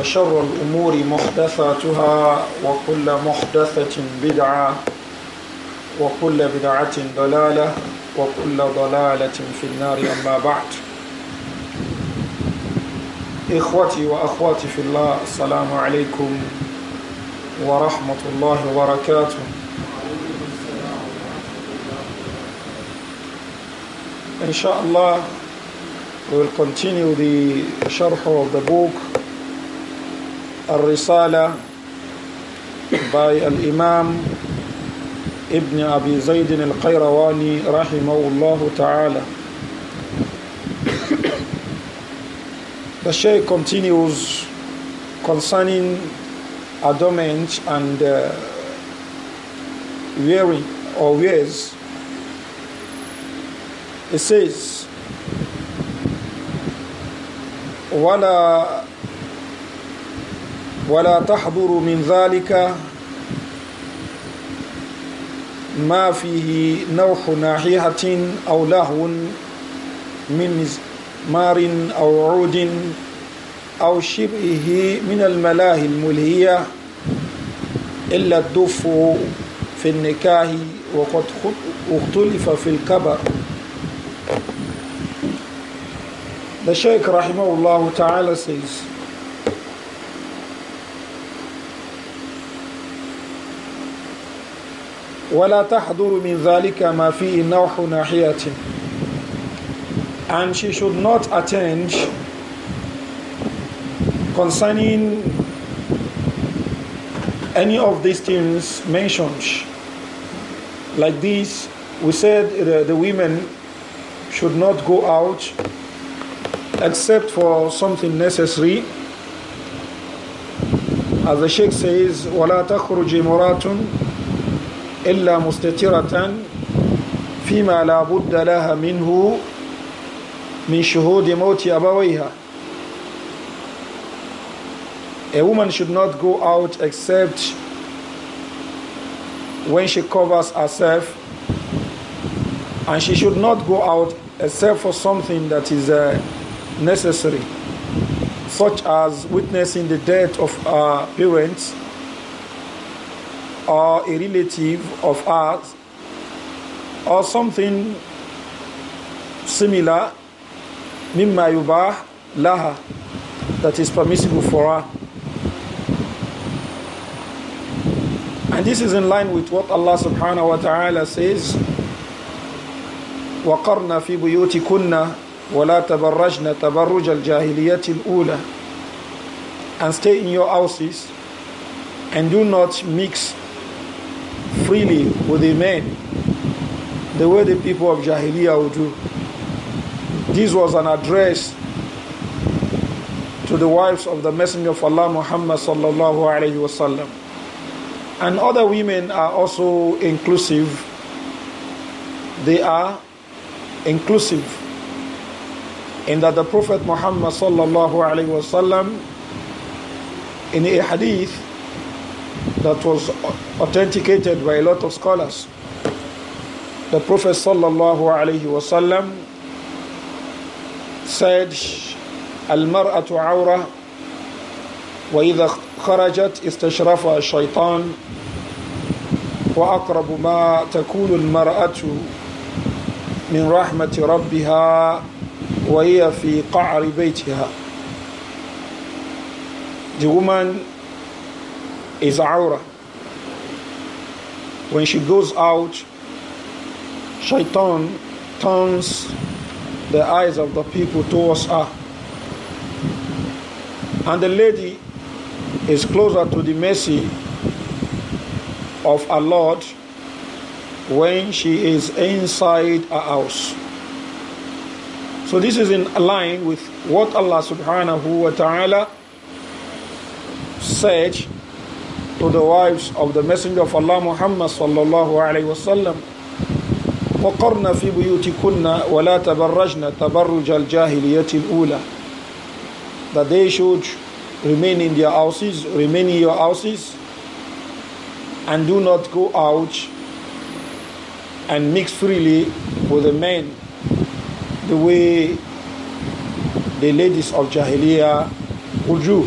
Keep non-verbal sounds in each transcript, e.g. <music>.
وشر الأمور محدثاتها وكل محدثة بدعة وكل بدعة ضلالة وكل ضلالة في النار أما بعد إخوتي وأخواتي في الله السلام عليكم ورحمة الله وبركاته إن شاء الله we will continue the sharh of the book the Shaykh continues concerning adornment and uh, wearing or wears. It says, وَلَا ولا تحضر من ذلك ما فيه نوح ناحية أو لهو من مار أو عود أو شبهه من الملاهي الملهية إلا الدف في النكاه وقد اختلف في الكبر The Shaykh رحمه الله تعالى says وَلَا تَحْضُرُ مِنْ ذَلِكَ مَا فِيهِ نَوْحُ نَاحِيَةٍ And she should not attend concerning any of these things mentioned. Like this, we said the, the women should not go out except for something necessary. As the Sheikh says, وَلَا تَخْرُجِ مُرَاتٌ إلا مستترة فيما لا بد لها منه من شهود موت أبويها A woman should not go out except when she covers herself and she should not go out except for something that is uh, necessary such as witnessing the death of her parents or a relative of ours or something similar mimma yubah laha that is permissible for her and this is in line with what Allah subhanahu wa ta'ala says وقرنا في بيوتكن ولا تبرجن تبرج الجاهلية الأولى and stay in your houses and do not mix freely with the men the way the people of Jahiliyyah would do. This was an address to the wives of the Messenger of Allah Muhammad sallallahu alaihi wasallam. And other women are also inclusive. They are inclusive in that the Prophet Muhammad sallallahu alaihi wasallam in a hadith that was authenticated by a lot of scholars. The Prophet sallallahu alaihi wasallam said, "Al-mar'atu awra, wa idha kharajat istashrafa shaytan, wa akrabu ma takulu al-mar'atu min rahmati rabbiha, wa hiya fi qa'ri baytiha." The woman is aura. When she goes out, shaitan turns the eyes of the people towards her. And the lady is closer to the mercy of our Lord when she is inside a house. So this is in line with what Allah subhanahu wa ta'ala said to the wives of the Messenger of Allah Muhammad sallallahu alayhi wasallam. وقرن في بيوتكن ولا تبرجن تبرج الجاهلية الأولى that they should remain in their houses, remain in your houses, and do not go out and mix freely with the men the way the ladies of Jahiliyyah would do.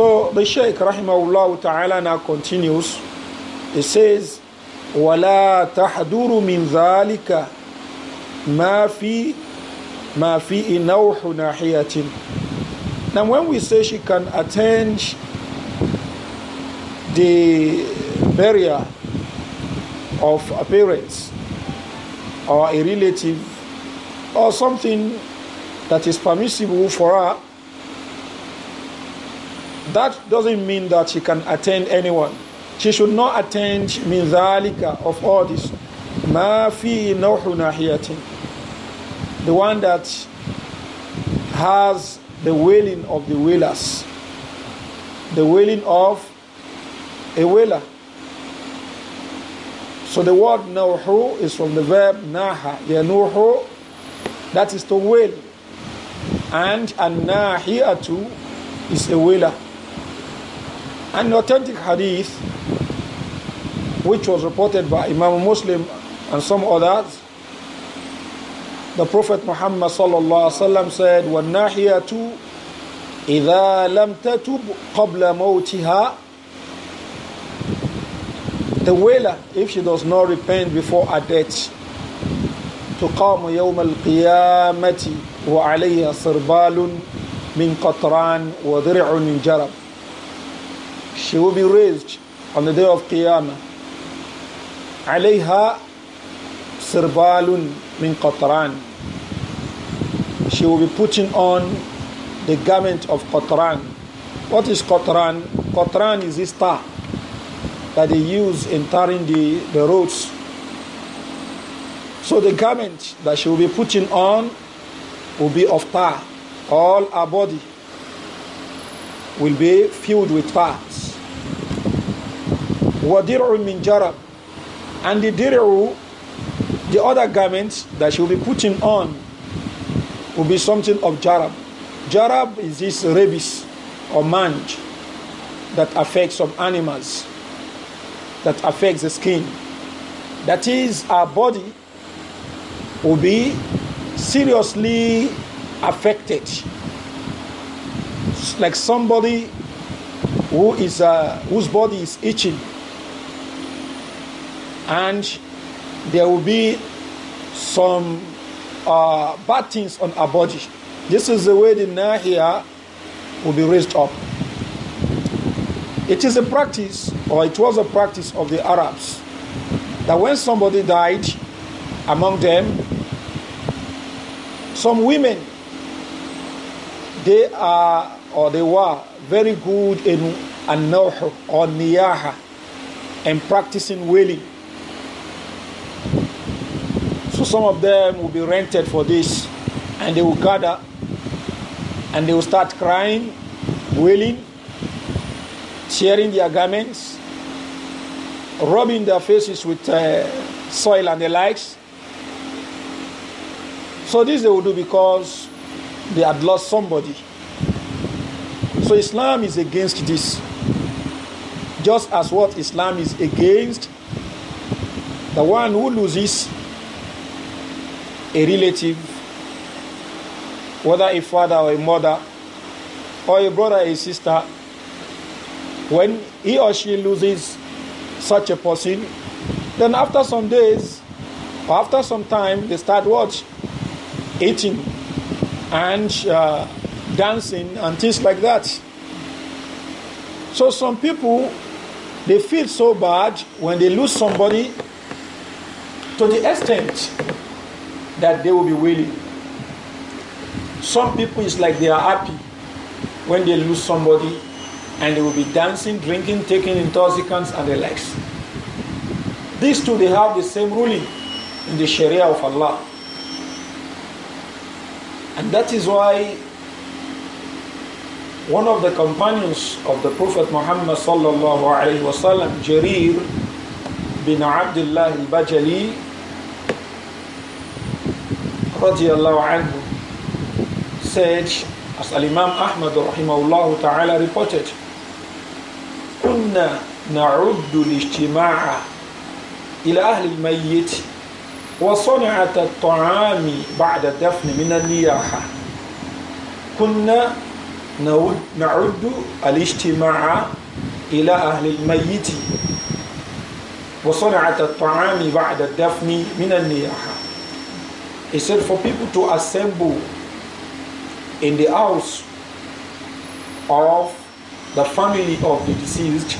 So the Shaykh rahimahullah ta'ala now continues. He says, وَلَا تَحْدُرُ مِنْ ذَلِكَ مَا فِي مَا فِي نَوْحُ نَاحِيَةٍ Now when we say she can attend the barrier of a parent or a relative or something that is permissible for her that doesn't mean that she can attend anyone. She should not attend min of all this. Ma fi nahiyatin. The one that has the wailing of the wailers. The wailing of a wailer. So the word nauhu is from the verb naha. Yanuhu, that is to wail. And an nahiatu is a wailer. An authentic hadith, which was reported by Imam Muslim and some others, the Prophet Muhammad sallallahu said, وَالنَّاحِيَةُ إِذَا لَمْ تَتُبْ قَبْلَ مَوْتِهَا The wailer, if she does not repent before her death, تقام يوم القيامة وعليها صِرْبَالٌ من قطران وذرع من جرب she will be raised on the day of Qiyamah. عليها سربال من قطران She will be putting on the garment of Qatran. What is Qatran? Qatran is this tar that they use in tarring the, the roads. So the garment that she will be putting on will be of tar all her body will be filled with fat. Wadir'u min jarab. And the dir'u, the other garment that she will be putting on, will be something of jarab. Jarab is this rabies or mange that affects some animals, that affects the skin. That is, our body will be seriously affected like somebody who is uh, whose body is itching and there will be some uh, bad things on our body this is the way the nahia will be raised up it is a practice or it was a practice of the arabs that when somebody died among them some women they are or they were very good in an or niyaha and practicing wailing. So some of them will be rented for this and they will gather and they will start crying, wailing, tearing their garments, rubbing their faces with uh, soil and the likes. So this they will do because they had lost somebody. So Islam is against this. Just as what Islam is against, the one who loses a relative, whether a father or a mother, or a brother or a sister, when he or she loses such a person, then after some days or after some time, they start what? Eating and uh, dancing and things like that. So some people they feel so bad when they lose somebody to the extent that they will be willing. Some people it's like they are happy when they lose somebody and they will be dancing, drinking, taking intoxicants and the likes. These two they have the same ruling in the Sharia of Allah. And that is why one of the companions of the Prophet Muhammad sallallahu alayhi wa sallam, Jarir bin Abdullah al-Bajali, radiallahu anhu, said, as Al-Imam Ahmad rahimahullah ta'ala reported, كنا نعد الاجتماع إلى أهل الميت وصنعة الطعام بعد الدفن من النياحة كنا نعد الاجتماع إلى أهل الميت وصنعة الطعام بعد الدفن من النياحة He said for people to assemble in the house of the family of the deceased,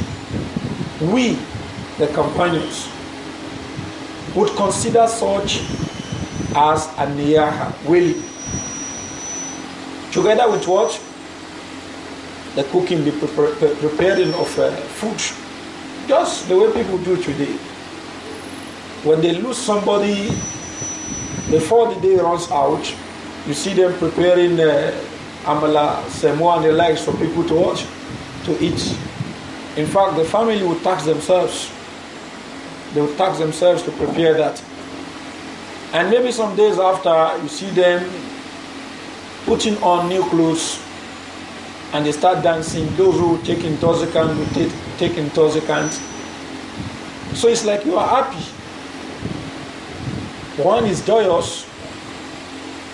we, the companions, would consider such as a niyaha, will, together with what? the cooking, the preparing of uh, food, just the way people do today. When they lose somebody before the day runs out, you see them preparing uh, amala, semua, and the likes for people to watch, to eat. In fact, the family will tax themselves. They will tax themselves to prepare that. And maybe some days after, you see them putting on new clothes and they start dancing. Those taking take intoxicant will take, So it's like you are happy. One is joyous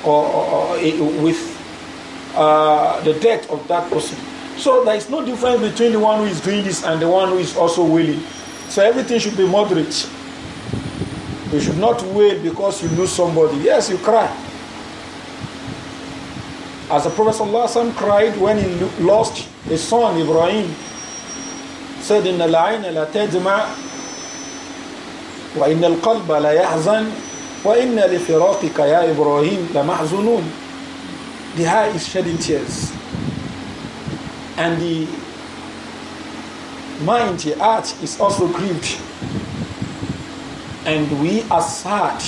or, or, or eh, with uh, the death of that person. So there is no difference between the one who is doing this and the one who is also willing. So everything should be moderate. You should not wail because you lose somebody. Yes, you cry. As the Prophet ﷺ cried when he lost his son Ibrahim, said in the line la tadma wa in al qalb la yahzan wa inna li firatika ya Ibrahim la mahzunun. The heart is shedding tears. And the mind, the heart is also grieved. And we are sad.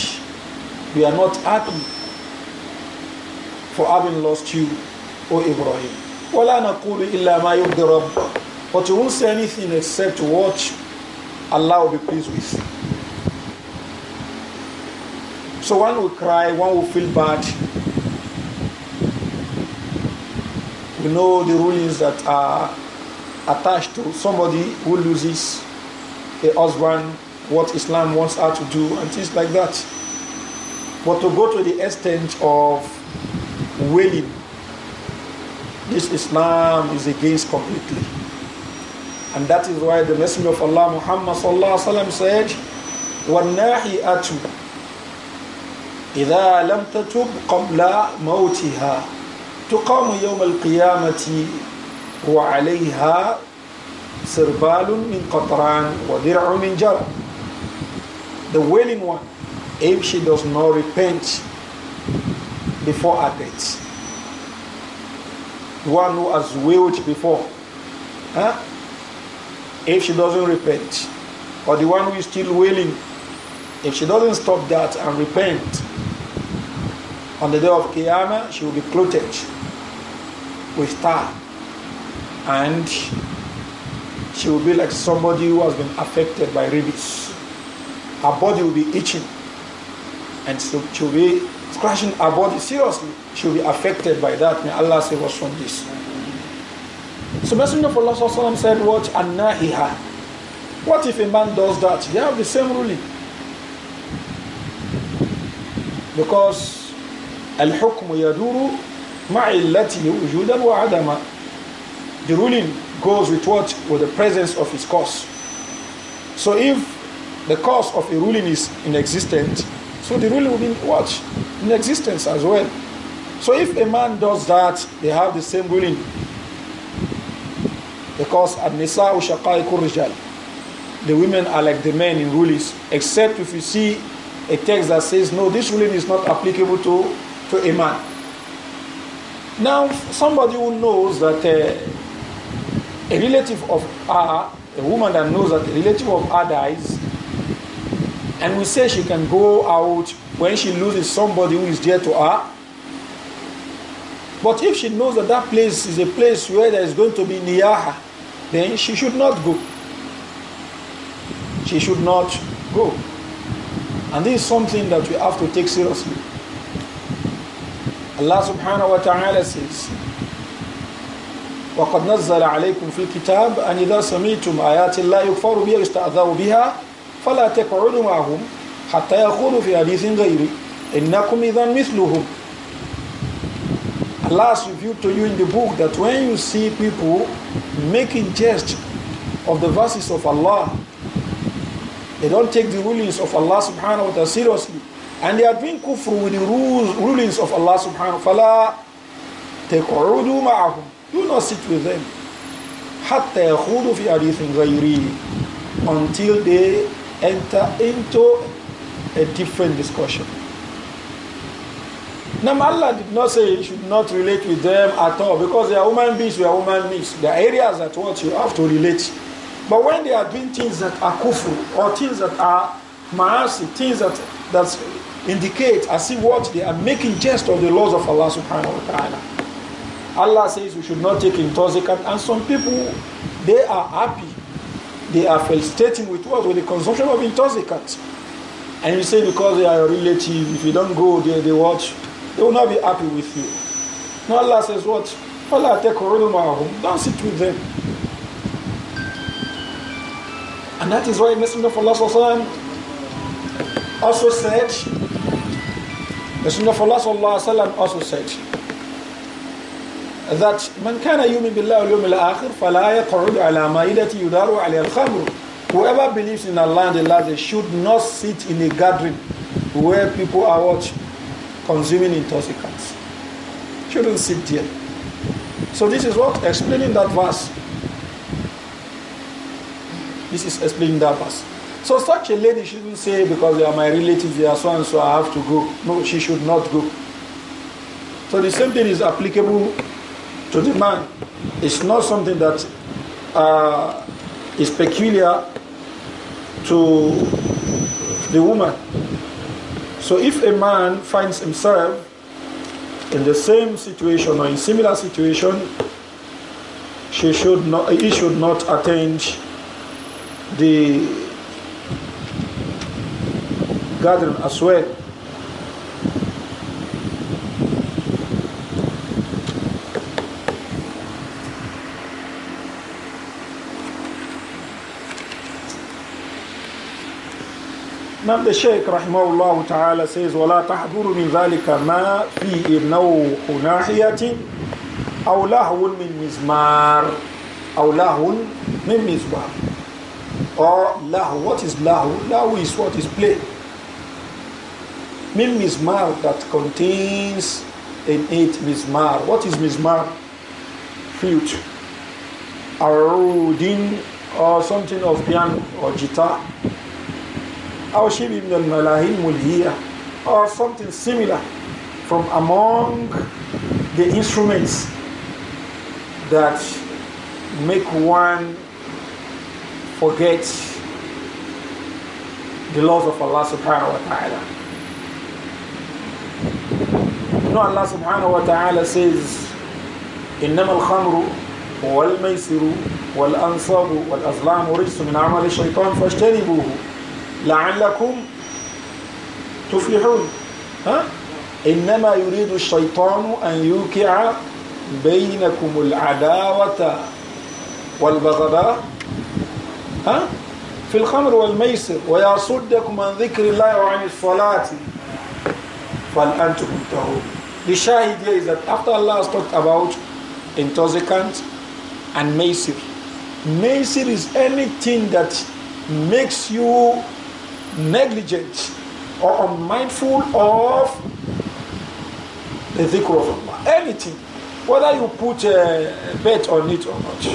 We are not happy for having lost you, O Ibrahim. But you won't say anything except what Allah will be pleased with. So one will cry, one will feel bad. We know the rulings that are attached to somebody who loses a husband, what Islam wants her to do, and things like that. But to go to the extent of wailing this Islam is against completely. And that is why the Messenger of Allah Muhammad وسلم, said, وَالنَّاحِئَةُ إِذَا لَمْ تَتُبْ قَبْلَ مَوْتِهَا تُقَامُ يَوْمَ الْقِيَامَةِ وَعَلَيْهَا سِرْبَالٌ مِنْ قَطْرَانٍ وَدِرْعٌ مِنْ جَرَ The wailing one, if she does not repent before her death. One who has wailed before. Huh? If she doesn't repent, or the one who is still wailing, if she doesn't stop that and repent, on the day of Qiyamah, she will be clothed with tar. And she will be like somebody who has been affected by rabies. Her body will be itching. And so she will be scratching her body seriously, she'll be affected by that. May Allah save us from this. So Messenger of Allah said, What had? What if a man does that? They have the same ruling. Because Al-Hukm Yaduru Ma'illati Wujudan wa Adama. The ruling goes with what? With the presence of its cause. So if the cause of a ruling is in existence." So the rule will be what? In existence as well. So if a man does that, they have the same ruling. Because at nisa Rijal. The women are like the men in rulings, except if you see a text that says, no, this ruling is not applicable to, to a man. Now, somebody who knows that uh, a relative of her, a woman that knows that a relative of her dies, and we say she can go out when she loses somebody who is dear to her. But if she knows that that place is a place where there is going to be niyaha, then she should not go. She should not go. And this is something that we have to take seriously. Allah subhanahu wa ta'ala says, وقد نزل عليكم في الكتاب أن إذا سمعتم آيات الله يكفر بها يستأذوا بها فلا تقعد معهم حتى يقولوا في حديث غيري إنكم إذا مثلهم Allah has revealed to you in the book that when you see people making jest of the verses of Allah, they don't take the rulings of Allah subhanahu wa ta'ala seriously. And they are doing kufr with the rules, rulings of Allah subhanahu wa ta'ala. Do not sit with them. حتى يخوضوا في حديث until they enter into a different discussion. Now, Allah did not say you should not relate with them at all because they are human beings, we are human beings. There are areas that what you have to relate. But when they are doing things that are kufu or things that are maasi, things that that indicate as see what they are making jest of the laws of Allah subhanahu wa ta'ala. Allah says we should not take intoxicant, and some people they are happy they are felicitating with what? With the consumption of intoxicants. And you say because they are your relative, if you don't go there, they watch, they will not be happy with you. Now Allah says what? Allah take home. Don't sit with them. And that is why Messenger of Allah also said, Messenger of Allah also said, that من كان يؤمن بالله واليوم الآخر فلا ala ma'idati مائدة يدار al الخمر Whoever believes in Allah and the last day should not sit in a gathering where people are what? Consuming intoxicants. Shouldn't sit there. So this is what? Explaining that verse. This is explaining that verse. So such a lady shouldn't say because they are my relatives, they are so and so, I have to go. No, she should not go. So the same thing is applicable to the man. It's not something that uh, is peculiar to the woman. So if a man finds himself in the same situation or in similar situation, she should not, he should not attend the garden as well Now the Shaykh rahimahullah ta'ala says, وَلَا تَحْضُرُ مِنْ ذَلِكَ مَا فِي إِبْنَوْ حُنَاحِيَةٍ أَوْ لَهْوٌ مِنْ مِزْمَارٍ أَوْ لَهْوٌ مِنْ مِزْمَارٍ Or lahu, what is lahu? Lahu is what is play. Min mizmar that contains in it mizmar. What is mizmar? Flute. Arudin or something of piano or guitar أو شيء من الملاهي الملهية or something similar from among the instruments that make one forget the laws of Allah subhanahu wa ta'ala. You know Allah subhanahu wa ta'ala says إنما الخمر والميسر والأنصاب والأزلام رجس من عمل الشيطان فاجتنبوه لعلكم تفلحون ها إنما يريد الشيطان أن يوقع بينكم العداوة والبغضاء ها في الخمر والميسر ويصدكم عن ذكر الله وعن الصلاة فالأنتم تهون The shahid here is that after Allah has talked about intoxicant and maysir, maysir is anything that makes you negligent or unmindful of the dhikr of Allah. Anything, whether you put a bet on it or not,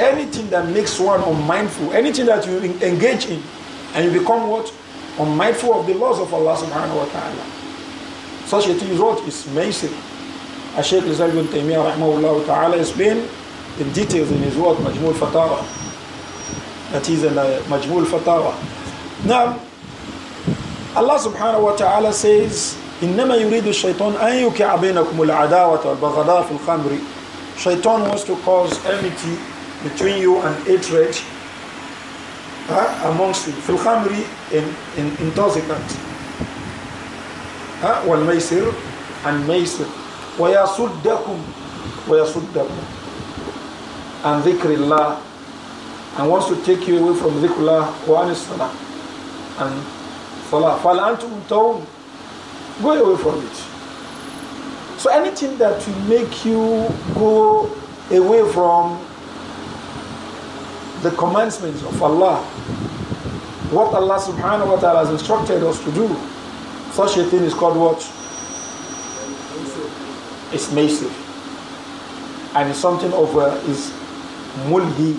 anything that makes one unmindful, anything that you engage in, and you become what? Unmindful of the laws of Allah subhanahu wa ta'ala. Such a thing is what? It's amazing. As Shaykh Rizal ibn Taymiyyah rahmahullah ta'ala explained in details in his work, Majmul Fatawa. That is in the uh, Majmul Fatawa. Now, Allah subhanahu wa ta'ala says, إنما يريد الشيطان أن يوقع بينكم العداوة والبغضاء في الخمر. Shaitan wants to cause enmity between you and hatred uh, amongst you. في الخمر in, in intoxicant. Uh, والميسر and ميسر. ويصدكم ويصدكم and ذكر الله and wants to take you away from ذكر الله وعن الصلاة and fall Falantum taun. Go away from it. So anything that will make you go away from the commandments of Allah, what Allah subhanahu wa ta'ala has instructed us to do, such a thing is called what? It's massive. And it's something of uh, is mulhi,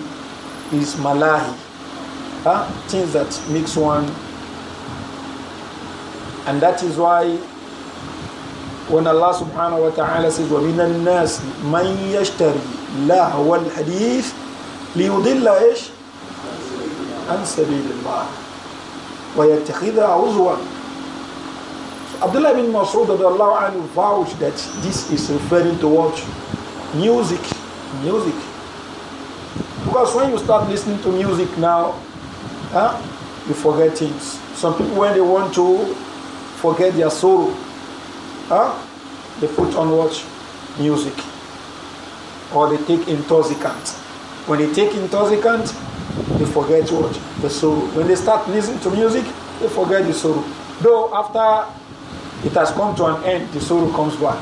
is malahi. Huh? Things that makes one and that is why when Allah subhanahu wa ta'ala says, وَمِنَ النَّاسِ مَنْ يَشْتَرِي لَهْوَ الْحَدِيثِ لِيُضِلَّ إِيش عن سبيل الله ويتخذها عضوا Abdullah bin Masud Allah anhu vowed that this is referring to what? Music. Music. Because when you start listening to music now, huh, you forget things. Some people when they want to forget their sorrow. Huh? They put on watch music or they take intoxicant. When they take intoxicant, they forget what the sorrow. When they start listening to music, they forget the sorrow. Though after it has come to an end, the sorrow comes back.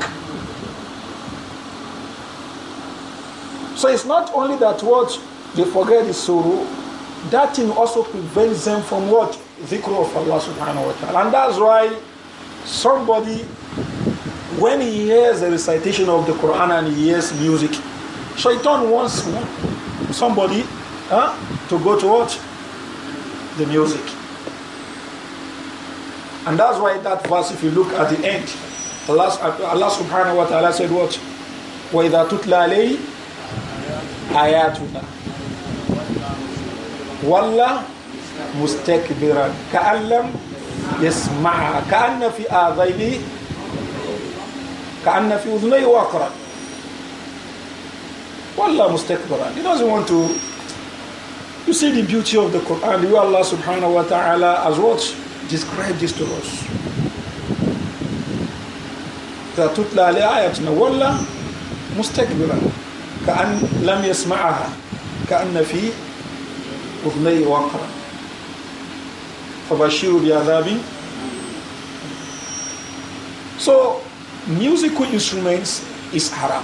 So it's not only that what they forget the sorrow, that thing also prevents them from what? Zikr of Allah subhanahu wa ta'ala. And that's why somebody, when he hears a recitation of the Quran and he hears music, shaitan wants somebody huh, to go to watch The music. And that's why that verse, if you look at the end, Allah, Allah subhanahu wa ta'ala said what? وَإِذَا تُتْلَى عَلَيْهِ آيَاتُنَا وَلَّا مُسْتَكْبِرًا كَأَن يسمع كأن في آذيني كأن في أذني واقرا والله مستكبرا he doesn't want to you see the beauty of the Quran you Allah subhanahu wa ta'ala has what describe this to us إذا تتلى عليه آياتنا ولا مستكبرا كأن لم يسمعها كأن في أذنيه وقرا So, musical instruments is haram.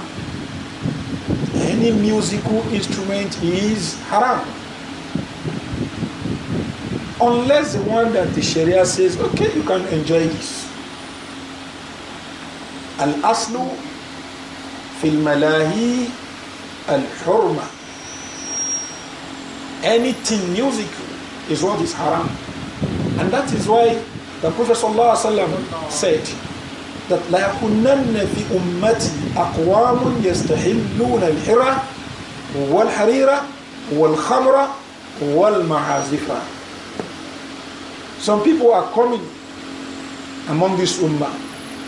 Any musical instrument is haram. Unless the one that the Sharia says, okay, you can enjoy this. Al-aslu fil malahi al-hurma. Anything musical is what is haram. And that is why the Prophet ﷺ said that يكونن فِي أُمَّتِي أَقْوَامٌ يَسْتَحِلُّونَ الحرة والحريرة والخمرة والمعازفة. Some people are coming among this ummah.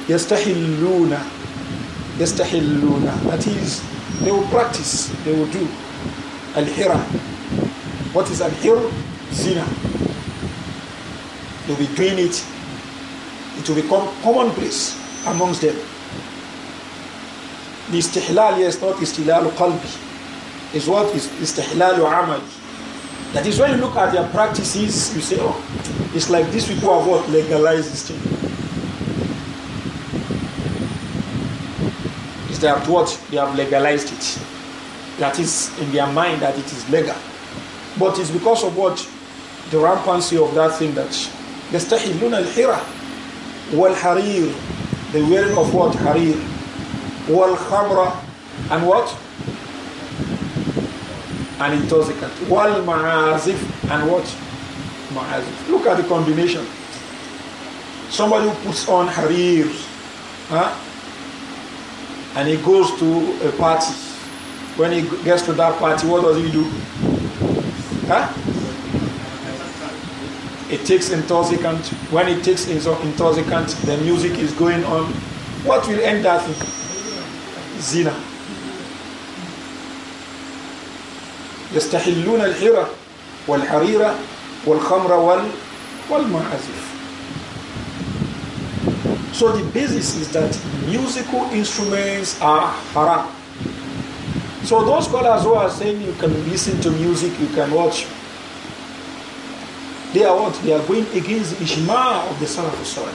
يَسْتَحِلُّونَ يَسْتَحِلُّونَ That is, they will practice, they will do. Al-Hira. What is Al-Hir? Zina to be doing it, it will become commonplace amongst them. The istihlal not istihlal qalbi, is what is istihlal amal. That is when you look at their practices, you say, oh, it's like this people have what legalized this thing. Is that what they have legalized it? That is in their mind that it is legal, but it's because of what the rampancy of that thing that يستحلون الحرة والحرير the wearing of what harir والخمرة and what and intoxicant والمعازف and what معازف look at the combination somebody who puts on harir huh? and he goes to a party when he gets to that party what does he do huh? it takes intoxicant. When it takes intoxicant, the music is going on. What will end that? Zina. يستحلون الحرة والحريرة والخمر وال والمعازف. So the basis is that musical instruments are haram. So those scholars who are saying you can listen to music, you can watch they are what? They are going against the ijma of the Salaf Salih.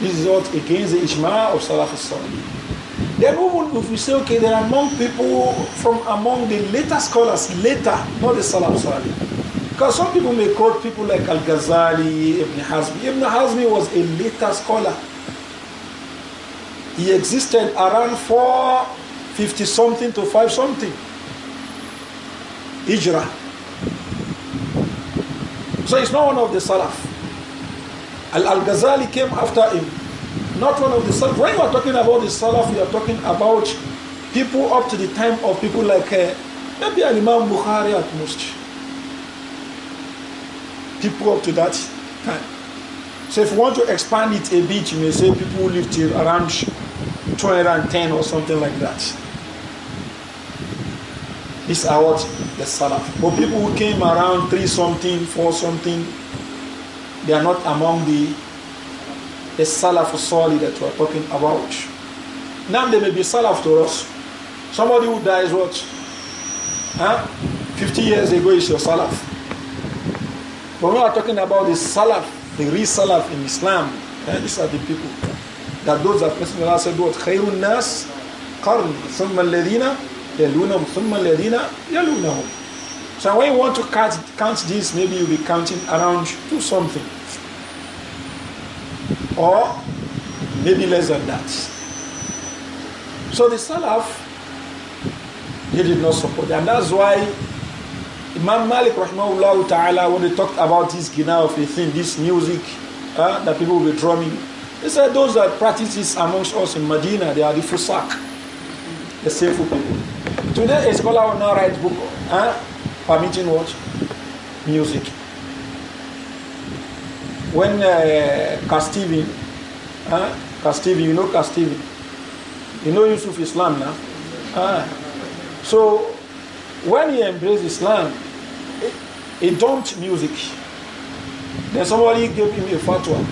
This is what? Against the ijma of Salaf Salih. Then if we say, okay, there are among people from among the later scholars, later, not the Salaf Salih. Because some people may quote people like Al-Ghazali, Ibn Hazmi. Ibn Hazmi was a later scholar. He existed around 450 something to 5 something. Hijrah. So he's not one of the Salaf. Al-Ghazali came after him. Not one of the Salaf. When you are talking about the Salaf, you are talking about people up to the time of people like uh, maybe Imam Bukhari at most. People up to that time. So if you want to expand it a bit, you may say people who lived till around 210 or something like that. These are what the Salaf. But people who came around three something, four something, they are not among the the Salaf Sali that we are talking about. Now they may be Salaf to us. Somebody who dies what? Huh? 50 years ago is your Salaf. But we are talking about the Salaf, the real Salaf in Islam. Eh, these are the people. That those that Messenger said what? Khairun Nas, Qarni, Summa Ladina, يَلُونَهُمْ ثُمَّ الَّذِينَ يَلُونَهُمْ So when you want to count, count this, maybe you'll be counting around to something. Or maybe less than that. So the Salaf, they did not support And that's why Imam Malik rahimahullah ta'ala, when he talked about this gina of thing, this music uh, that people were drumming, he said those that practice this amongst us in Medina, they are the fusak, the sinful people. Today, a scholar will not write book huh? permitting what? Music. When uh, Castivi, huh? Castivi, you know Castivi, you know Yusuf Islam now. Huh? So, when he embraced Islam, he dumped music. Then somebody gave him a fatwa.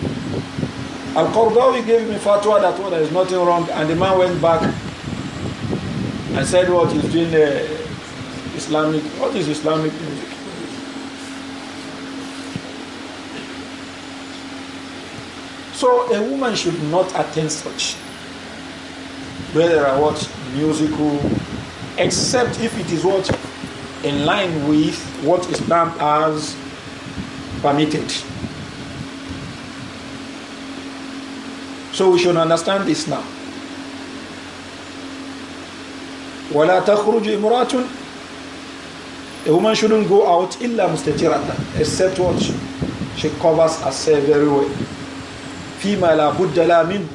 Al he gave him a fatwa that well, there is nothing wrong, and the man went back I said what is doing the uh, Islamic, what is Islamic music? So a woman should not attend such. Whether I watch musical, except if it is what in line with what Islam has permitted. So we should understand this now. وَلَا تَخْرُجُ إِمْرَاتٌ a woman shouldn't go out illa mustatiratan except what she covers herself very well. Fima la min.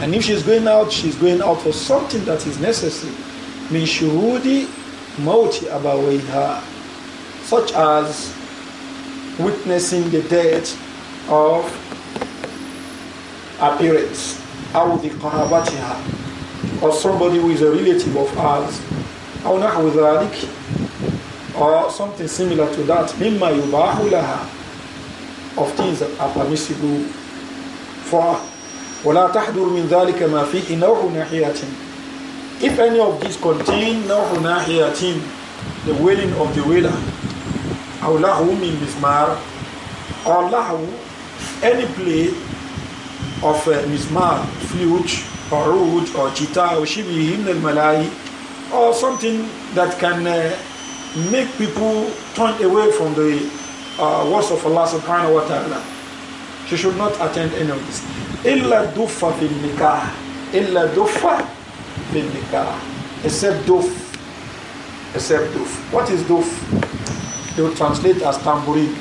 And if she's going out, she's going out for something that is necessary. Min shurudi mauti abawayha. Such as witnessing the death of appearance parents. Aw the or somebody who is a relative of ours أو نحو ذلك or something similar to that مما يباح لها of things that are permissible for her ولا تحضر من ذلك ما فيه نوح ناحية if any of these contain نوح ناحية the wailing of the wailer أو له من مسمار or له any play of uh, mismar flute or oud or cheetah or shibi himn malai or something that can uh, make people turn away from the uh, words of Allah subhanahu wa ta'ala. She should not attend any of this. Illa duffa bin nikah. Illa duffa bin nikah. Except duf. Except duf. What is duf? It will translate as tambourine.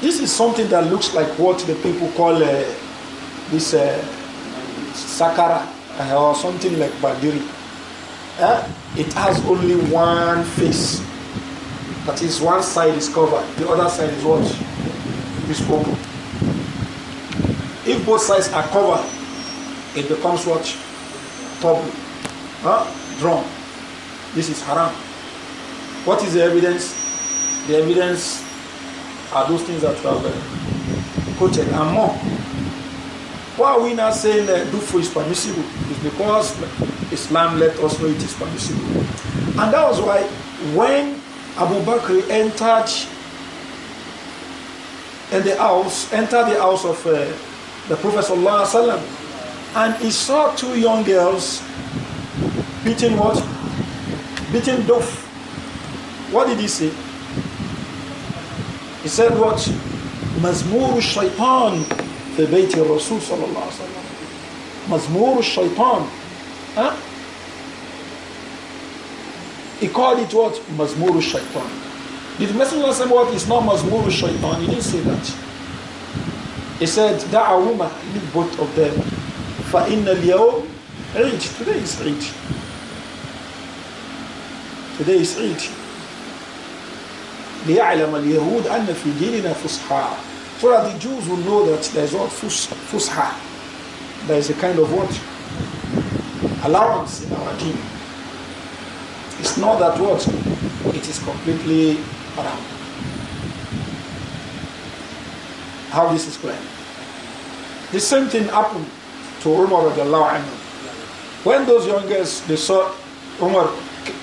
This is something that looks like what the people call uh, this uh, Sakara uh, or something like Badiri. Eh? It has only one face. That is, one side is covered, the other side is what? Is open. If both sides are covered, it becomes what? Tabu. Huh? Drum. This is haram. What is the evidence? The evidence are those things that we have uh, quoted and more. Why are we not saying that Dufo is permissible? It's because Islam let us know it is permissible. And that was why when Abu Bakr entered in the house, entered the house of uh, the Prophet sallam, and he saw two young girls beating what? Beating dove. What did he say? He said what? Mazmur shaitan في بيت الرسول صلى الله عليه وسلم مزمور الشيطان ها he called it what مزمور الشيطان did the messenger say what is not مزمور الشيطان he didn't say that he said دعوهما leave both of them فإن اليوم عيد today is عيد today is عيد ليعلم اليهود أن في ديننا فصحاء For the Jews will know that there is what fusha. There is a kind of what? Allowance in our deen. It's not that what? It is completely haram. How this is going? The same thing happened to Umar anhu. When those young girls they saw Umar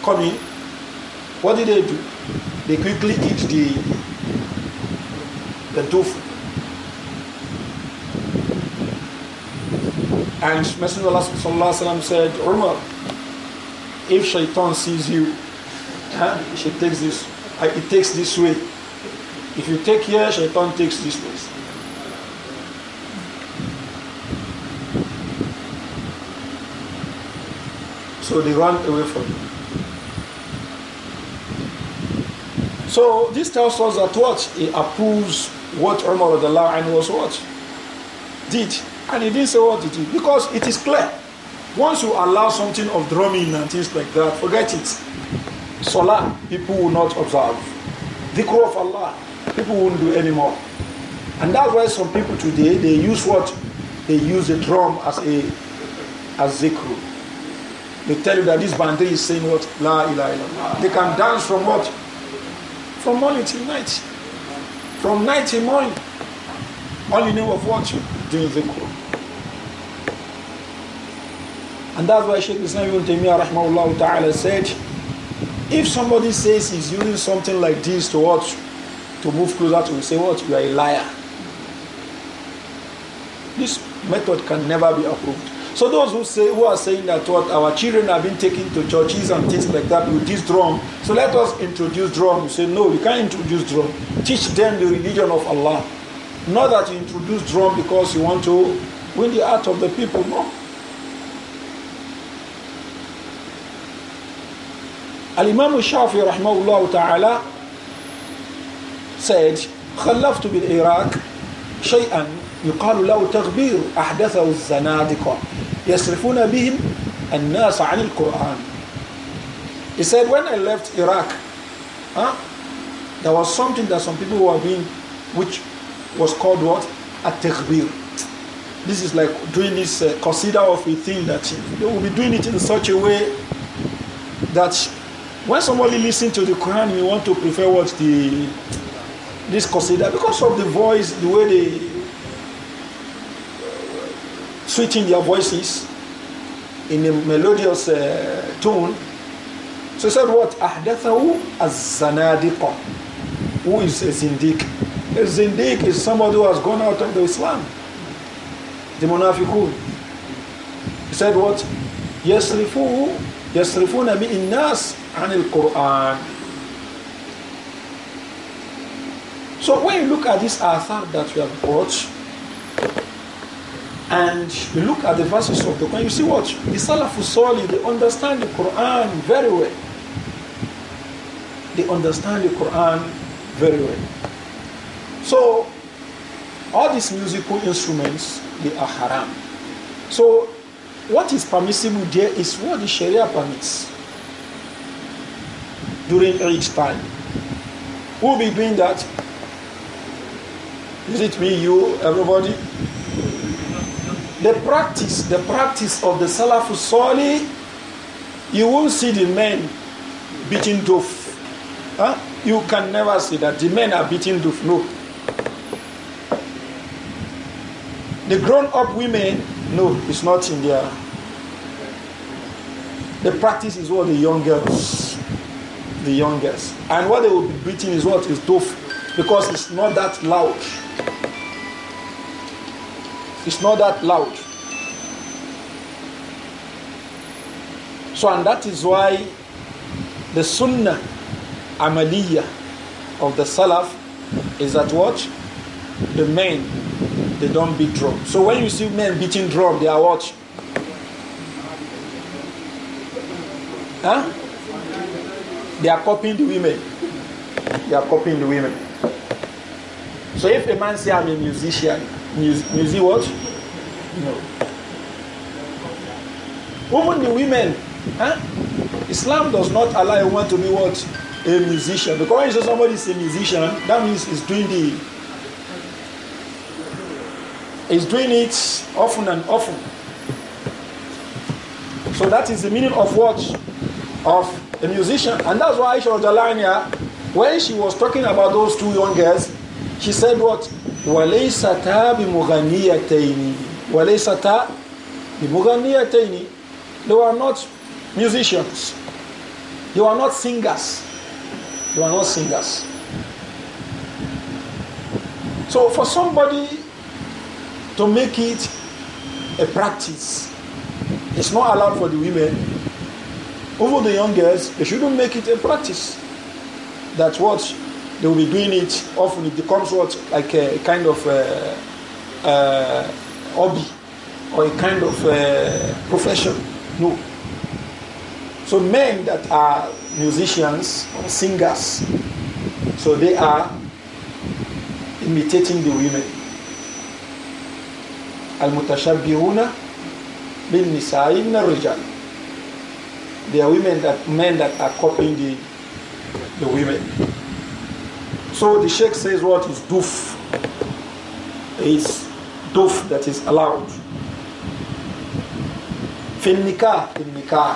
coming, what did they do? They quickly eat the and Messenger of Allah said, Umar, if shaitan sees you, huh, she takes this, it uh, takes this way. If you take here, shaitan takes this place. So they run away from you. So this tells us that what? He approves what Umar was what? Did. And he didn't say what it is because it is clear. Once you allow something of drumming and things like that, forget it. Salah, people will not observe. The call of Allah, people won't do anymore. And that's why some people today, they use what? They use the drum as a as zikr. They tell you that this bandit is saying what? La ilaha illallah. They can dance from what? From morning till night from night to morning. All you name of what? Doing dhikr. And that's why Sheikh Islam Ibn Taymiyyah rahmahullah ta'ala said, if somebody says he's using something like this to what? To move closer to him, say what? You are a liar. This method can never be approved. So those who say who are saying that what our children have been taken to churches and things like that with this drum, so let us introduce drum. You say no, you can't introduce drum. Teach them the religion of Allah. Not that you introduce drum because you want to win the heart of the people. No. Al Imam Shafi rahmahullah ta'ala said, خلفت بالعراق شيئا يقال له تغبير أحدثه الزنادقة يصرفون بهم الناس عن القرآن He said when I left Iraq huh, there was something that some people were doing which was called what? a taghbir This is like doing this uh, consider of a thing that they will be doing it in such a way that when somebody listens to the Quran, we want to prefer what the this consider because of the voice, the way they switching their voices in a melodious uh, tone. So he said, What? Ahdathahu az-zanadiqa. is a zindiq? A zindiq is somebody who has gone out of the Islam. The munafiqun. He said, What? Yasrifuhu yasrifuna min nas anil Quran. So when you look at this author that we have brought, and you look at the verses of the Quran, you see what? The Salafus Sali, they understand the Quran very well. They understand the Quran very well. So, all these musical instruments, they are haram. So, what is permissible there is what the Sharia permits during each time. Who will be doing that? Is it me, you, everybody? The practice, the practice of the Salafus Salih, you won't see the men beating doof. Huh? You can never see that the men are beating doof. No. The grown-up women, no, it's not in there. The practice is what the young girls, the young girls, and what they will be beating is what is doof, because it's not that loud. It's not that loud. So, and that is why the sunnah amaliyah of the salaf is that what? The men, they don't beat drum. So when you see men beating drum, they are what? Huh? They are copying the women. They are copying the women. So if a man say I'm a musician, Music? what? No. Women, the women, huh? Islam does not allow a woman to be what? A musician. Because when you say somebody is a musician, that means he's doing the he's doing it often and often. So that is the meaning of what? Of a musician. And that's why Aisha Jalania, when she was talking about those two young girls, she said what? وليستا بمغنيتين وليستا بمغنيتين they were not musicians they are not singers they are not singers so for somebody to make it a practice it's not allowed for the women over the young girls they shouldn't make it a practice That's what they will be doing it often. It becomes what like a, a kind of uh, uh, hobby or a kind of uh, profession. No. So men that are musicians or singers, so they are imitating the women. Al-mutashabbihuna bin nisa'in rijal. They are women that men that are copying the the women. So the sheikh says what is doof? Is doof that is allowed. Fin nikah, in nikah.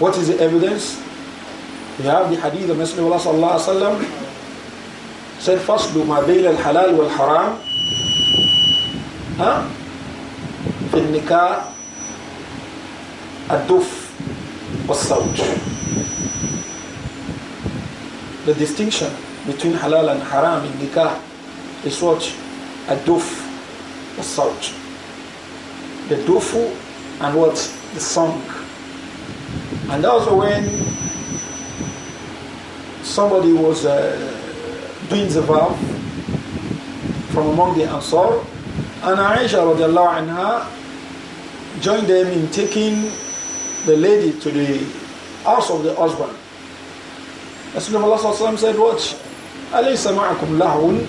What is the evidence? We have the hadith of Messenger of Allah sallallahu alaihi wasallam said faslu ma bayla al-halal wal haram nikah, في النكاح الدف sawj. the distinction between halal and haram in nikah is what? A doof, a salt. The doofu, and what? The song. And also when somebody was uh, doing the vow from among the Ansar, and Aisha radiallahu anha joined them in taking the lady to the house of the husband. Rasulullah sallallahu said, What? Alaysa ma'akum lahun.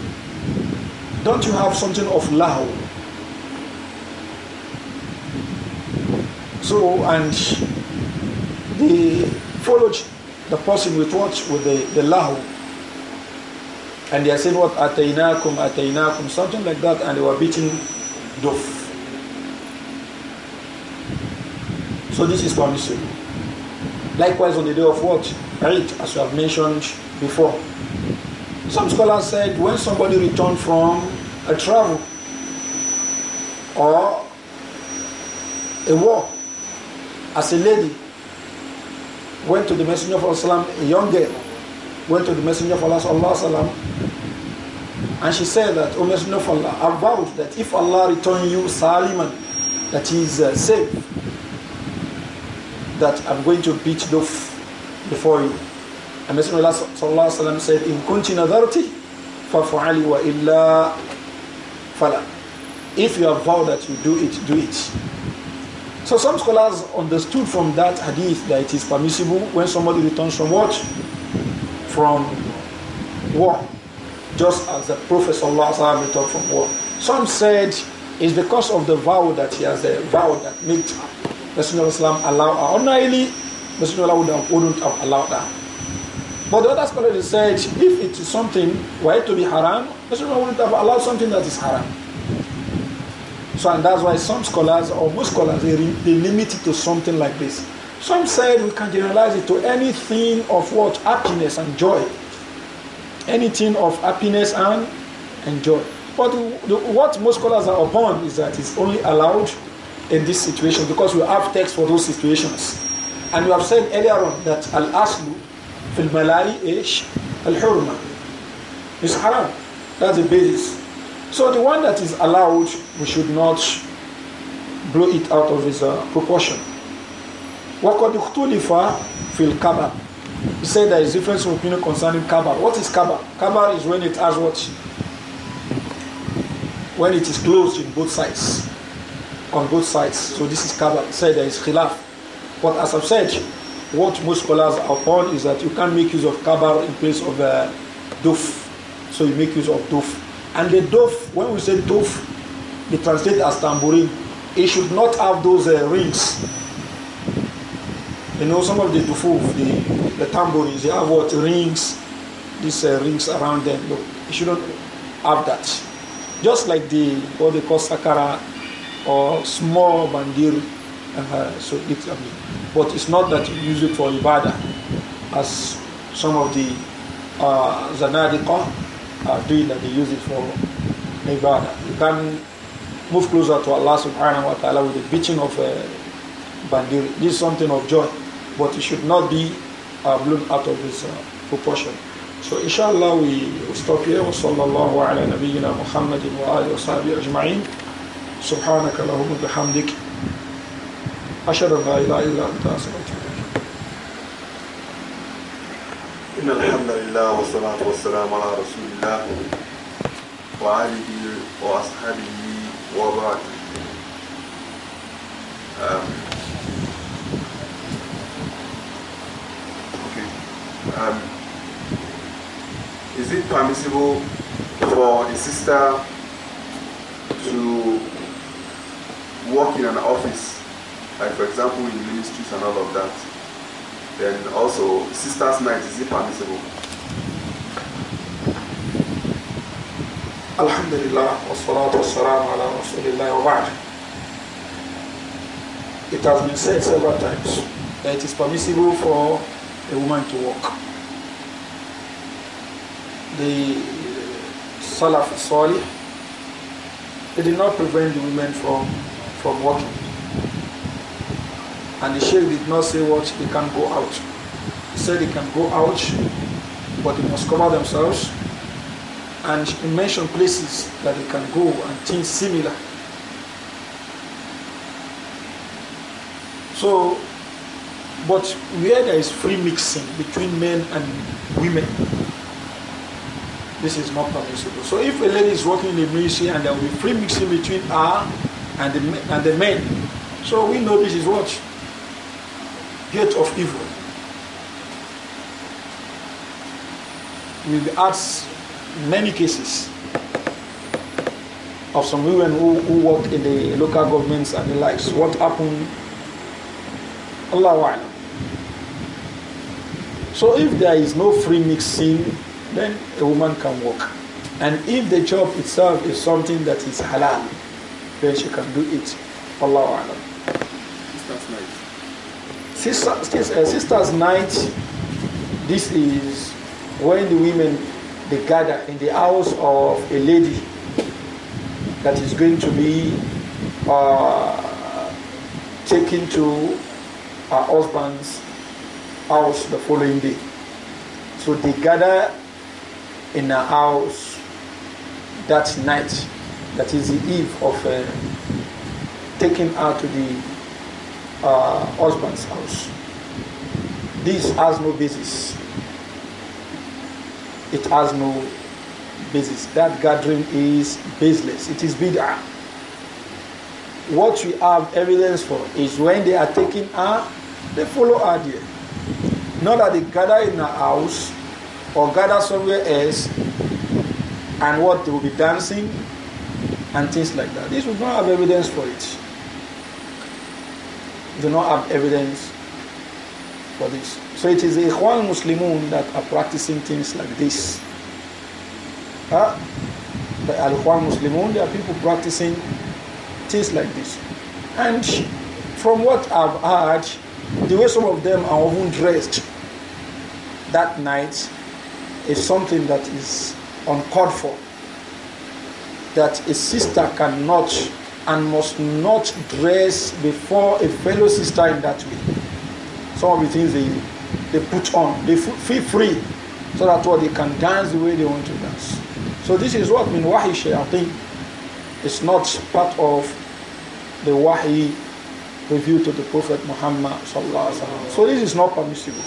Don't you have something of lahu? So, and they followed the person with what? With the, the lahu. And they are saying, What? Atainakum, atainakum, something like that. And they were beating doof. So, this is permissible. Likewise, on the day of what? Right as we have mentioned before. Some scholars said when somebody returned from a travel or a war as a lady went to the Messenger of Allah, a young girl went to the Messenger of Allah, and she said that, O Messenger of Allah, I vowed that if Allah return you Saliman, that he is uh, safe, that I'm going to beat the before you. And Messenger of Allah Sallallahu said, In kunti nadarti, fa'ali wa illa fala. If you have vowed that you do it, do it. So some scholars understood from that hadith that it is permissible when somebody returns from what? From war. Just as the Prophet sallam, returned from war. Some said it's because of the vow that he has the vow that made Messenger of Islam allow ordinarily Messenger Allah would have, wouldn't have allowed that. But the other scholar said, if it is something why to be haram, Messenger of Allah wouldn't have allowed something that is haram. So and that's why some scholars or most scholars they, they limit it to something like this. Some said we can generalize it to anything of what happiness and joy, anything of happiness and, and joy. But the, what most scholars are upon is that it's only allowed in this situation because we have text for those situations. And you have said earlier on that al-aslu fil malai ish al-hurma. Is haram. That's the basis. So the one that is allowed, we should not blow it out of its uh, proportion. وَقَدْ اُخْتُلِفَ فِي الْكَبَرِ He said there is difference of opinion concerning kabar. What is kabar? Kabar is when it has what? When it is closed in both sides. On both sides. So this is kabar. He said there is khilaf. But as I've said, what most scholars are upon is that you can't make use of kabar in place of uh, doof. So you make use of doof. And the doof, when we say doof, they translate as tambourine. It should not have those uh, rings. You know, some of the dufu, the, the tambourines, they have what rings, these uh, rings around them. Look, it shouldn't have that. Just like the what they call sakara or small bandiri uh, so it, I um, mean, but it's not that you use it for ibadah, as some of the uh, zanadiqa are doing that they use it for ibadah. You can move closer to Allah subhanahu wa ta'ala with the beating of a bandiri. This is something of joy, but it should not be uh, blown out of its uh, proportion. So inshallah we stop here. وصلى الله على نبينا محمد وآله وصحبه أجمعين. سبحانك اللهم وبحمدك أشهد أن لا إله إلا أنت أستغفرك إن الحمد لله والصلاة والسلام على رسول الله وآله وأصحابه وبعد um, okay. um, Is it permissible for a sister to work in an office like for example in ministries and all of that. Then also, sisters' night is it permissible? Alhamdulillah, It has been said several times that it is permissible for a woman to walk. The uh, Salaf Salih, they did not prevent the women from, from walking. And the sheikh did not say what they can go out. He said they can go out, but they must cover themselves. And he mentioned places that they can go and things similar. So, but where there is free mixing between men and women, this is not permissible. So if a lady is working in the ministry and there will be free mixing between her and the, and the men, so we know this is what gate of evil. We've many cases of some women who, who work in the local governments and the likes. What happened? Allah So if there is no free mixing, then a woman can work. And if the job itself is something that is halal, then she can do it. Allah sister, uh, Sisters' Night, this is when the women they gather in the house of a lady that is going to be uh, taken to her husband's house the following day. So they gather in a house that night, that is the eve of uh, taking her to the uh, husband's house. This has no basis. It has no basis. That gathering is baseless. It is bid'ah. What we have evidence for is when they are taking her, they follow her there. Not that they gather in her house or gather somewhere else and what they will be dancing and things like that. This do not have evidence for it do not have evidence for this. So it is the Ikhwan Muslimun that are practicing things like this. Huh? The Al Ikhwan Muslimun, there are people practicing things like this. And from what I've heard, the way some of them are even dressed that night is something that is uncalled for. That a sister cannot and must not dress before a fellow sister in that way. Some of the things they, they put on, they feel free so that what they can dance the way they want to dance. So this is what share. wahi think It's not part of the wahi revealed to the Prophet Muhammad So this is not permissible.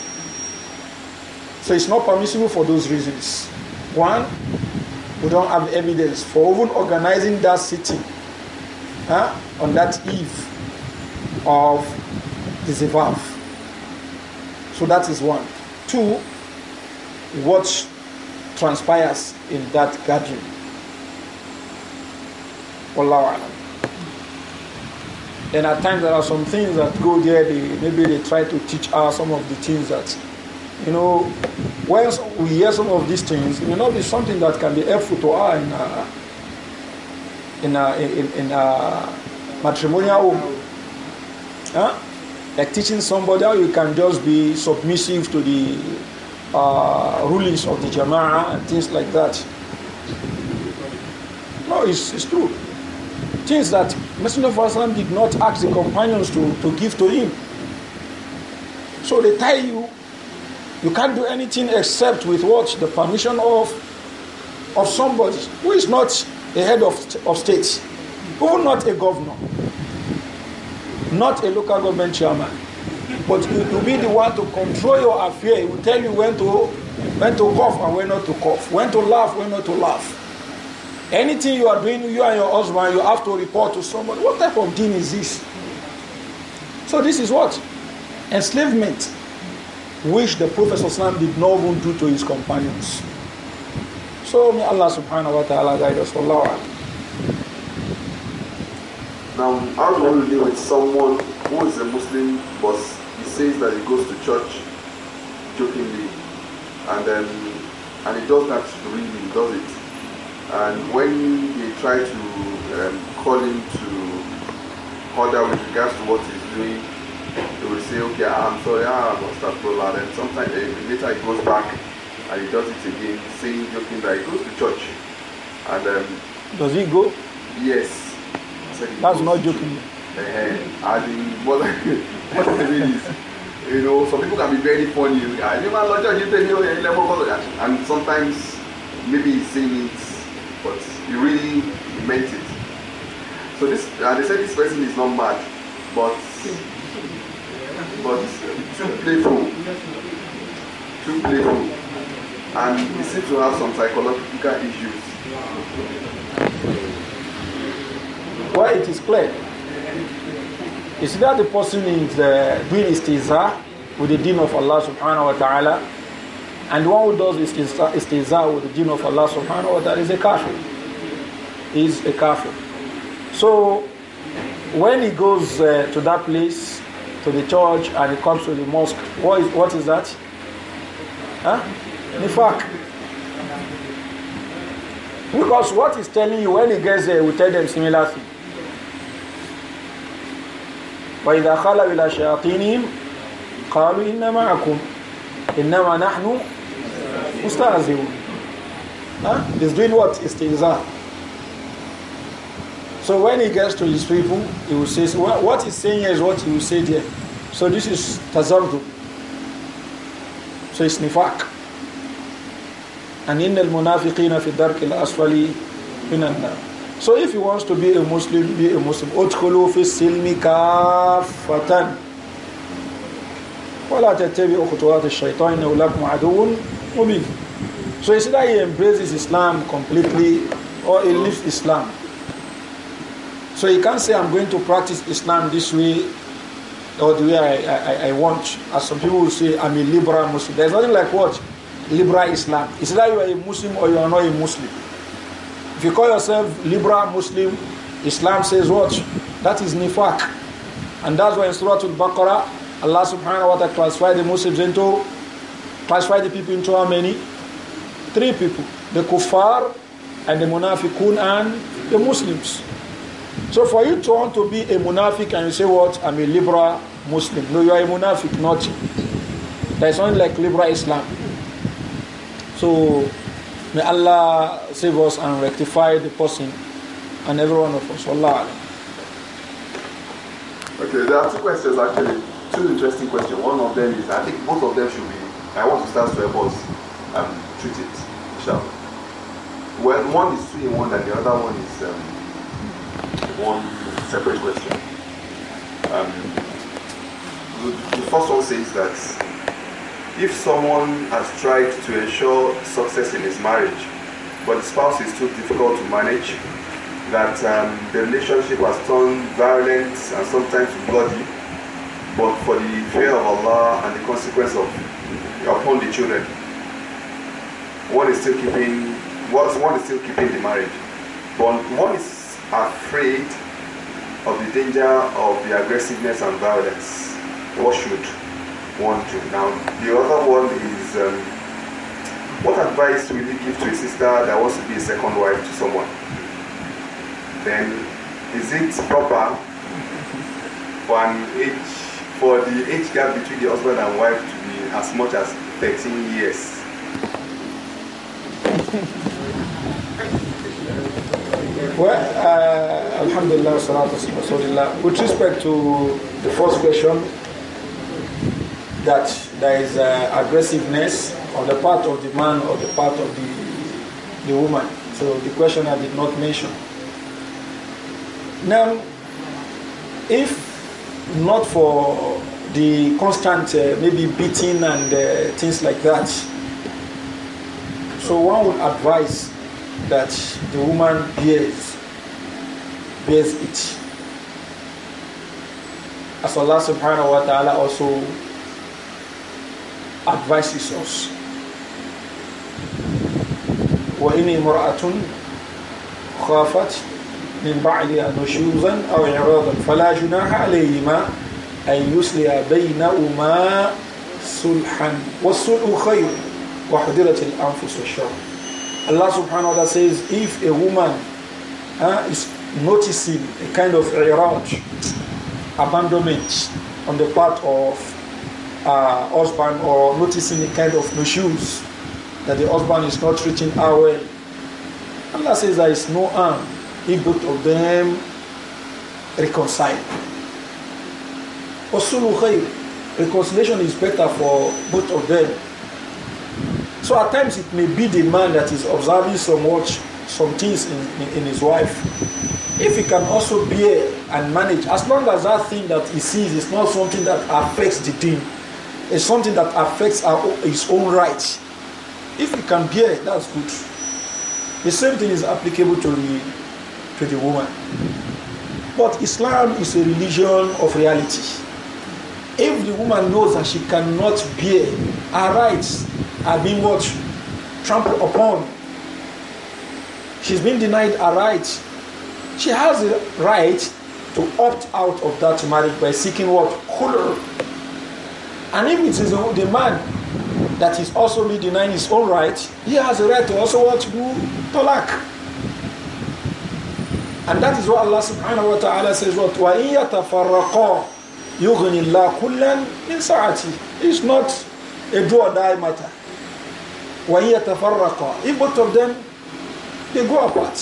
So it's not permissible for those reasons. One, we don't have evidence for even organizing that sitting huh, on that eve of the Zivav. So that is one. Two, what transpires in that gathering. And at times there are some things that go there, they, maybe they try to teach us some of the things that, you know, once we hear some of these things, it may not be something that can be helpful to us in in a uh, in, in uh, matrimonial home. Huh? Like teaching somebody how you can just be submissive to the uh, rulings of the Jama'ah and things like that. No, it's, it's true. Things that Messenger of Islam did not ask the companions to, to give to him. So they tie you. You can't do anything except with what? The permission of of somebody who is not a head of, of state, who not a governor, not a local government chairman, but you be the one to control your affair. He will tell you when to when to cough and when not to cough, when to laugh, when not to laugh. Anything you are doing, you and your husband, you have to report to someone. What type of dean is this? So this is what enslavement, which the Prophet did not even do to his companions. So may Allah subhanahu wa ta'ala guide us. Wallahu Now, how do deal with someone who is a Muslim but he says that he goes to church jokingly and then and he does that really, does it? And when they try to um, call him to order with regards to what he's doing, they will say, okay, I'm sorry, I must have and sometimes eh, later he goes back and he does it again, saying joking that he goes to church. And um, does he go? Yes. So he That's not joking. Uh, and what <laughs> what I mean is, you know, some people can be very funny. And sometimes maybe he's saying it, but he really meant it. So this, and they said this person is not mad, but but too playful, too playful and he seems to have some psychological issues. Well, it is clear. Is that the person is uh, doing istiza with the deen of Allah subhanahu wa ta'ala? And the one who does istiza, with the deen of Allah subhanahu wa ta'ala is a kafir. Is a kafir. So when he goes uh, to that place, to the church, and he comes to the mosque, what is, what is that? Huh? Nifak, Because what he's telling you when he gets there, will tell them similar thing. وإذا خلوا إلى شياطينهم قالوا إنا معكم إنما نحن مستهزئون He's doing what? Istihza. So when he gets to his people, he will say, what he's saying is what he will say there. So this is tazardu. So it's nifaq. And in al munafiqina fi dark al asfali minanna. So if you want to be a Muslim, be a Muslim. Udkhulu fi silmi kafatan. ولا تتبعوا خطوات الشيطان إنه لكم عدو مبين. So either he embraces Islam completely or he leaves Islam. So he can't say I'm going to practice Islam this way or the way I, I, I want. As some people will say, I'm a liberal Muslim. There's nothing like what? liberal Islam. It's either you are a Muslim or you are not a Muslim. If you call yourself liberal Muslim, Islam says what? That is nifaq. And that's why in Surah Al-Baqarah, Allah subhanahu wa ta'ala classified the Muslims into, classified the people into how many? Three people. The kuffar and the munafiqun and the Muslims. So for you to want to be a munafiq and you say what? I'm a liberal Muslim. No, you are a munafiq, not. There's nothing like liberal Islam. So may Allah save us and rectify the person and every one of us. Allah. Okay, there are two questions actually, two interesting questions. One of them is I think both of them should be I want to start to help us and um, treat it. Shall well, one is two in one and the other one is um, one separate question. Um, the, the first one says that if someone has tried to ensure success in his marriage, but the spouse is too difficult to manage, that um, the relationship has turned violent and sometimes bloody, but for the fear of Allah and the consequence of upon the children, one is still keeping one is still keeping the marriage, but one is afraid of the danger of the aggressiveness and violence. What should? one to now. The other one is um, what advice will you give to a sister that wants to be a second wife to someone? Then is it proper for an age for the age gap between the husband and wife to be as much as 13 years? well, uh, Alhamdulillah, salatu With respect to the first question, that there is uh, aggressiveness on the part of the man or the part of the, the woman. So the question I did not mention. Now, if not for the constant uh, maybe beating and uh, things like that, so one would advise that the woman bears, bears it. As Allah subhanahu wa ta'ala also advises us. وإن امرأة خافت من بعدها نشوزا أو إعراضا فلا جناح عليهما أن يسلي بينهما صلحا والصلح خير وحضرت الأنفس والشر Allah subhanahu wa ta'ala says if a woman uh, is noticing a kind of iraj abandonment on the part of uh, husband or noticing the kind of no shoes that the husband is not treating her well. Allah says there is no harm if both of them reconcile. reconciliation is better for both of them. So at times it may be the man that is observing so much, some things in, in, in his wife. If he can also bear and manage, as long as that thing that he sees is not something that affects the thing it's something that affects our, his own rights. If he can bear it, that's good. The same thing is applicable to the, to the woman. But Islam is a religion of reality. If the woman knows that she cannot bear, her rights are being what? Trampled upon. She's been denied her rights. She has a right to opt out of that marriage by seeking what? Cooler and if it is the man that is also denying his own right, he has a right to also want to do talak. And that is what Allah subhanahu wa ta'ala says, what وَإِيَتَفَرَّقَا يُغْنِ اللَّهُ كُلًّا مِنْ It's not a do or die matter. وَإِيَتَفَرَّقَا If both of them, they go apart,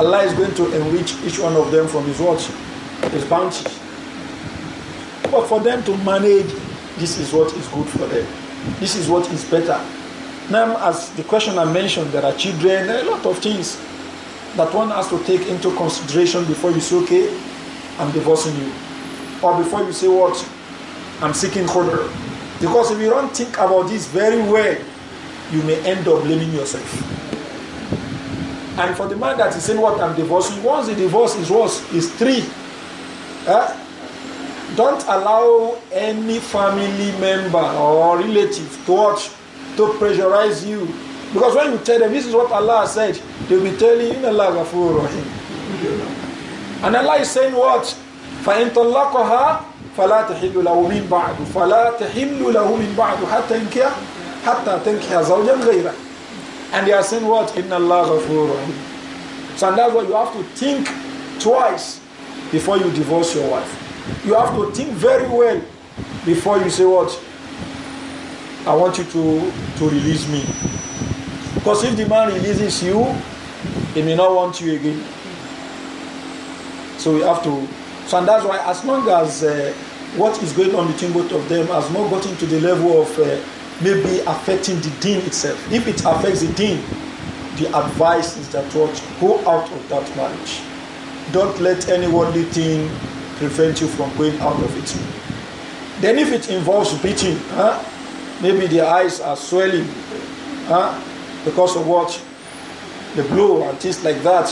Allah is going to enrich each one of them from his what? His bounty. But for them to manage this is what is good for them. This is what is better. Now, as the questioner mentioned, there are children, there are a lot of things that one has to take into consideration before you say, okay, I'm divorcing you. Or before you say, what? I'm seeking honor. Because if you don't think about this very well, you may end up blaming yourself. And for the man that is saying what I'm divorcing, once the divorce is worse, is three. Eh? don't allow any family member or relative to watch to pressurize you because when you tell them this is what allah said they'll be telling you allah rahim and allah is saying what فإن طلقها فلا تحل له من بعد فلا تحل له من بعد حتى ينكح حتى تنكح زوجا غيره and they are saying what in الله غفور so and that's why you have to think twice before you divorce your wife you have to think very well before you say what? I want you to, to release me. Because if the man releases you, he may not want you again. So we have to. So and that's why, as long as uh, what is going on between both of them has not gotten to the level of uh, maybe affecting the dean itself, if it affects the dean, the advice is that what go out of that marriage. Don't let any worldly thing prevent you from going out of it. Then if it involves beating, huh? maybe the eyes are swelling huh? because of what? The blow and things like that.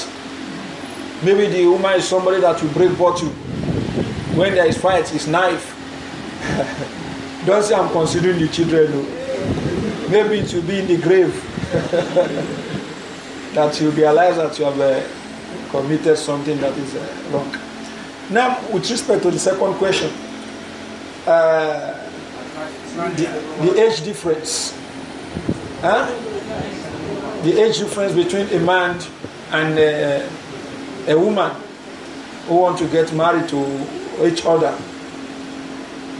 Maybe the woman is somebody that will break bottle. When there is fight, it's knife. <laughs> Don't say I'm considering the children. No. Maybe it will be in the grave <laughs> that you realize that you have uh, committed something that is uh, wrong. Now, with respect to the second question, uh, the, the, age difference. Huh? The age difference between a man and a, a woman who want to get married to each other.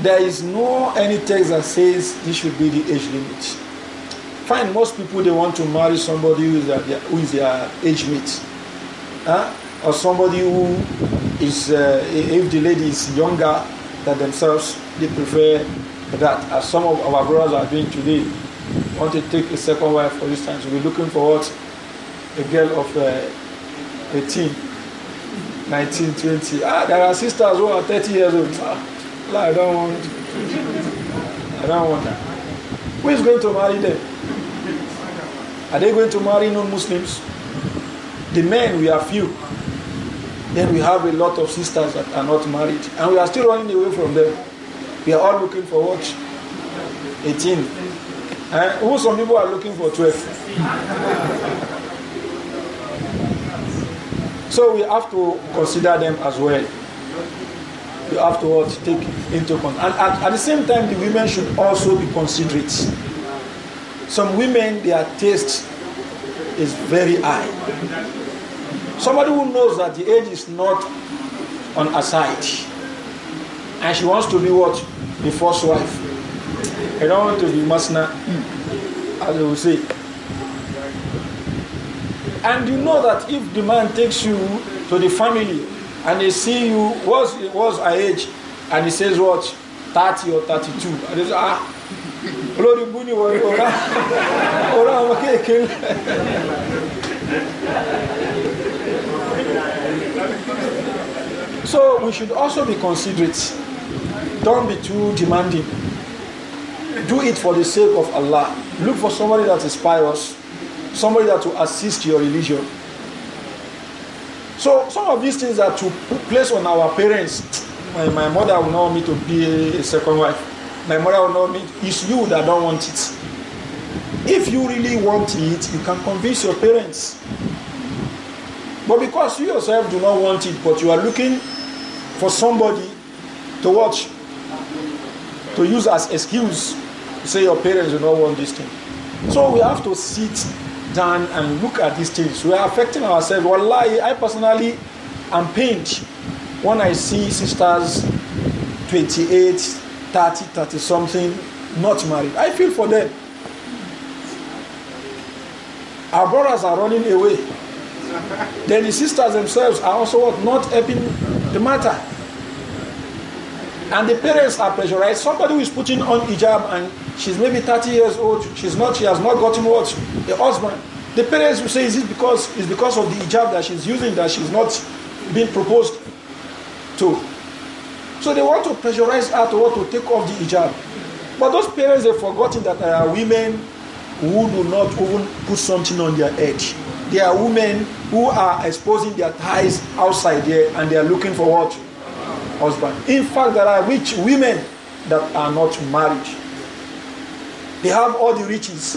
There is no any text that says this should be the age limit. Fine, most people they want to marry somebody who is their, who is their age mate. Huh? or somebody who is, uh, if the lady is younger than themselves, they prefer that. As some of our brothers are doing today, want to take a second wife, for this So we're looking for what? A girl of uh, 18, 19, 20. Ah, there are sisters who are 30 years old. Ah, I don't want. I don't want that. Who is going to marry them? Are they going to marry non-Muslims? The men, we are few. Then we have a lot of sisters that are not married, and we are still running away from them. We are all looking for what? 18. And eh? who some people are looking for 12. <laughs> so we have to consider them as well. We have to what, take into account. And at, at the same time, the women should also be considerate. Some women, their taste is very high Somebody who knows that the age is not on her side and she wants to be what? The first wife. I don't want to be Masna, as they will say. And you know that if the man takes you to the family and they see you, was was her age? And he says what? 30 or 32. And they say, ah, glory buni wa wọ́n ọ̀rá ọ̀rá ọmọ So we should also be considerate. Don't be too demanding. Do it for the sake of Allah. Look for somebody that is pious, somebody that will assist your religion. So some of these things are to place on our parents. My, my mother will not want me to be a, a second wife. My mother will not want me. It's you that don't want it. If you really want it, you can convince your parents. But because you yourself do not want it, but you are looking for somebody to watch, to use as excuse, say your parents do not want this thing. So we have to sit down and look at these things. We are affecting ourselves. Wallahi, I personally am pained when I see sisters 28, 30, 30 something not married. I feel for them. Our brothers are running away. then the sisters themselves are also not helping the matter. And the parents are pressurized. Somebody who is putting on hijab and she's maybe 30 years old, she's not, she has not gotten what? The husband. The parents will say, is it because it's because of the hijab that she's using that she's not being proposed to? So they want to pressurize her to want to take off the hijab. But those parents have forgotten that there are women who do not even put something on their head. There are women who are exposing their thighs outside there and they are looking for what? Husband. In fact, there are rich women that are not married. They have all the riches,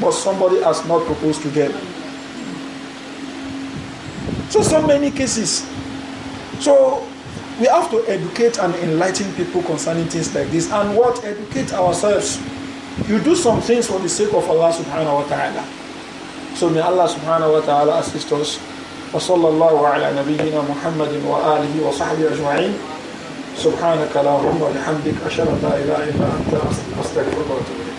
but somebody has not proposed to them. So, so many cases. So, we have to educate and enlighten people concerning things like this and what educate ourselves. You do some things for the sake of Allah subhanahu wa ta'ala. So may Allah subhanahu wa ta'ala assist us. وصلى الله على نبينا محمد وآله وصحبه أجمعين سبحانك اللهم وبحمدك أشهد أن لا إله إلا أنت أستغفرك وأتوب إليك